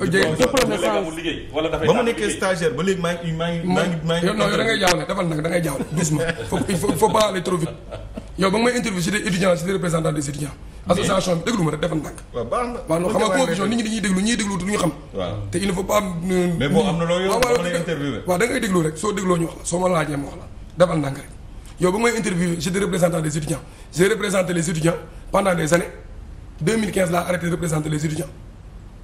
Euh, ba mu nekkee stagiaire ba léegi maa ngi maa ngi maa ngi maa ngi non yow da ngay jaawle defal nag da ngay jaawle doucement il faut faut pas aller trop vite yow ba nga may interview si des étudiants si des représentants des étudiants association bi déglu ma rek defal nag waaw non xam nga confusion nit ñi dañuy déglu ñuy déglu duñu xam te il ne faut pas euh, mais boo am na loo yor dama lay interviewé waaw da ngay déglu rek soo dégloo ñu wax la soo ma laajee ma wax la defal nag rek yow ba may interview j'étais représentant des étudiants j'ai représenté les étudiants pendant des années 2015 laa arrêté de représenter les étudiants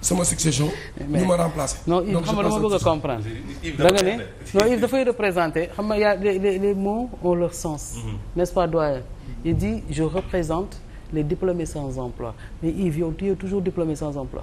sama succession. ñu ma remplacer. non Yves xam nga dama bëgg a comprendre. da nga ne non Yves dafay représenter xam nga y' a les les les mots ont leur sens. Mm-hmm. n'est-ce pas doyen. il dit je représente les diplômés sans emploi mais Yves yow tu es toujours diplômé sans emploi.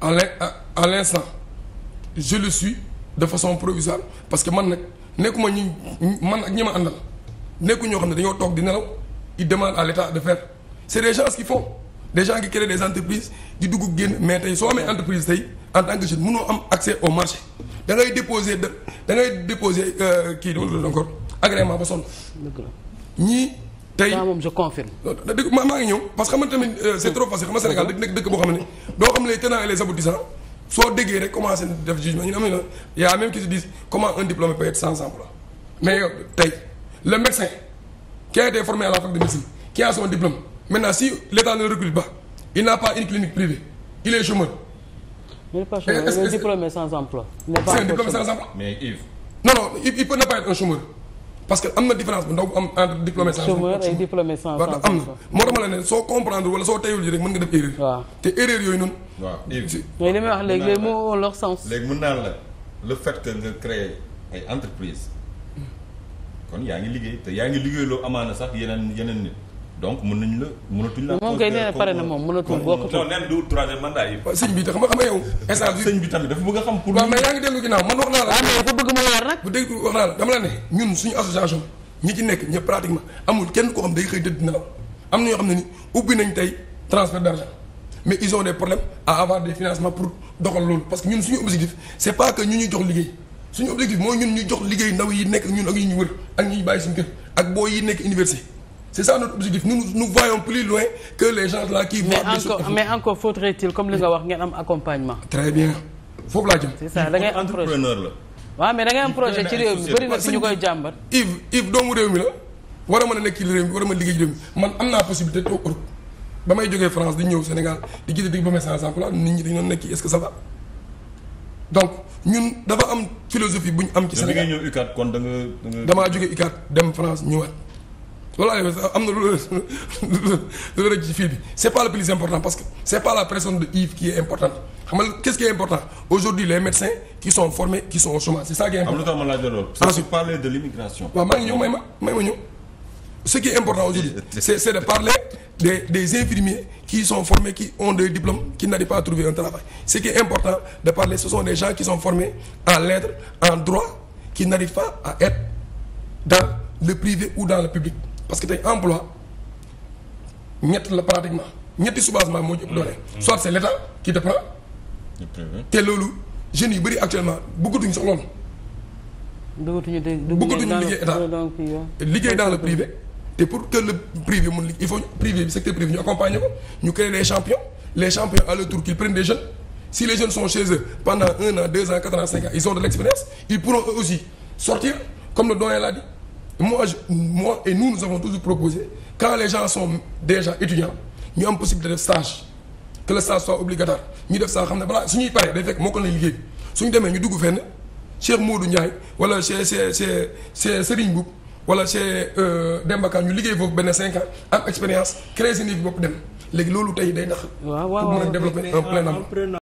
à l' à l'instant je le suis de façon provisoire parce que man nag nekkuma ñi man ak ñi ma àndal nekku ñoo xam ne dañoo toog di nelaw il demande à l' état de faire c' est des qui font. des gens qui créent des entreprises di dugg génn mais tey soo amee entreprise tey en tant que jeune mënoo am accès au marché da ngay déposer da da ngay déposer euh, kii dama encore agrément ba sonn. ñii tey moom je confirme. maa maa ngi ñëw parce que xam nga tamit euh, c'est trop facile xam nga Sénégal dañu nekk dëkk boo xam ne doo xam ne les tenants et les aboutissants soo déggee rek commencé def jugement ñu am na y a même qui se disent comment un diplômé peut sans emploi mais euh, tey le médecin qui a été formé la fac de médecine a maintenant si l'État ne recrute pas il n'a pas une clinique privée il est chômeur. il n'est il est diplômé sans emploi. il n'est mais Yves. parce que am na différence bu ndaw am entre diplômé sans emploi et diplômé sans emploi am na moo tax ma la ne soo comprendre wala soo teewul ji rek mën nga def erreur. waaw te erreur yooyu noonu. waaw Yves. mais li moo wax léegi les leur sens. léegi mën naa la le fait que nga créé ay entreprise kon yaa ngi liggéey te yaa ngi liggéey liggéeyloo amaana sax yeneen yeneen nit. donc mën nañ la mënatuñ la. moom kay nee na pare na moom mënatul bokk. non nen du troisième mandat yi. sëñ bi xam nga yow. instant bi sëñ bi tamit dafa bëgg a xam pour. waaw mais yaa ngi dellu ginnaaw man wax naa la. waaw ah, mais dafa bëgg mu leer nag. bu dégg wax naa la dama la ne ñun suñu association ñi ci nekk ñëpp pratiquement amul kenn koo xam day xëy dëdd naaw am na ñoo xam ne ni ubbi nañ tey transfert d'argent mais ils ont des problèmes à avoir des financements pour doxal loolu parce que ñun suñu objectif c'est pas que ñu ñuy jox liggéey suñu objectif mooy ñun ñu jox liggéey ndaw yi nekk ñun ak ñu ñu wër ak ñuy bàyyi suñu kër ak boo yi nekk université c'est ça notre objectif nous nous voyons plus loin que les gens là qui. mais encore mais encore faudrait comme li nga wax ngeen am accompagnement. très bien foofu laa jëm. c'est ça da ngay am projet projet ci réew mi bëri na fi ñu koy la war a mën a nekk ci réew mi war man am naa possibilité toog ba may jógee France di ñëw Sénégal di gis di ba may sans emploi nit ñi dañ doon nekk est-ce que ça va donc ñun dafa am philosophie bu ñu am. ci Sénégal ñëw UCAD kon da nga. damaa jógee UCAD dem France ñëwaat. voilà am na lu rek ci fii bi c'est pas le plus important parce que c'est pas la personne de Yves qui est importante xam nga qu'est-ce qui est important aujourd'hui les médecins qui sont formés qui sont au chômage c'est ça qui est important. am na lu tax ma laaj loolu. ensuite parler de l'immigration. waaw maa ngi ñëw may ma may ma ñëw ce qui est important aujourd'hui c'est c'est de parler des des infirmiers qui sont formés qui ont des diplômes qui n'arrivent pas à trouver un travail ce qui est important de parler ce sont des gens qui sont formés en lettres en droit qui n'arrivent pas à être dans le privé ou dans le public. parce que tey emploi ñett la pratiquement ñetti soubassement moo ci ëpp doole. Mm. soit c' te prend. te yu bëri actuellement bëggatuñ sax loolu. bëggatuñu liggéey état liggéey dans bi secteur privé ñu accompagner ko des jeunes si les jeunes sont chez eux pendant un an deux ans quatre ans cinq ans ils ont de l' expérience ils pourront aussi sortir comme l'a dit. moi je moi et nous nous avons toujours proposé quand les gens sont déjà étudiants ñu am possibilité de stage que stage soit obligatoire ñu def saa xam ne balaa suñuy paree day fekk moo ko lay liggéey suñu demee ñu dugg fenn Cheikh Modou Ndiaye wala chez chez chez chez wala chez euh, Demba foofu benn cinq ans am expérience créer seen bopp dem léegi loolu tey day tax. waaw waaw pour mën en plein emploi euh,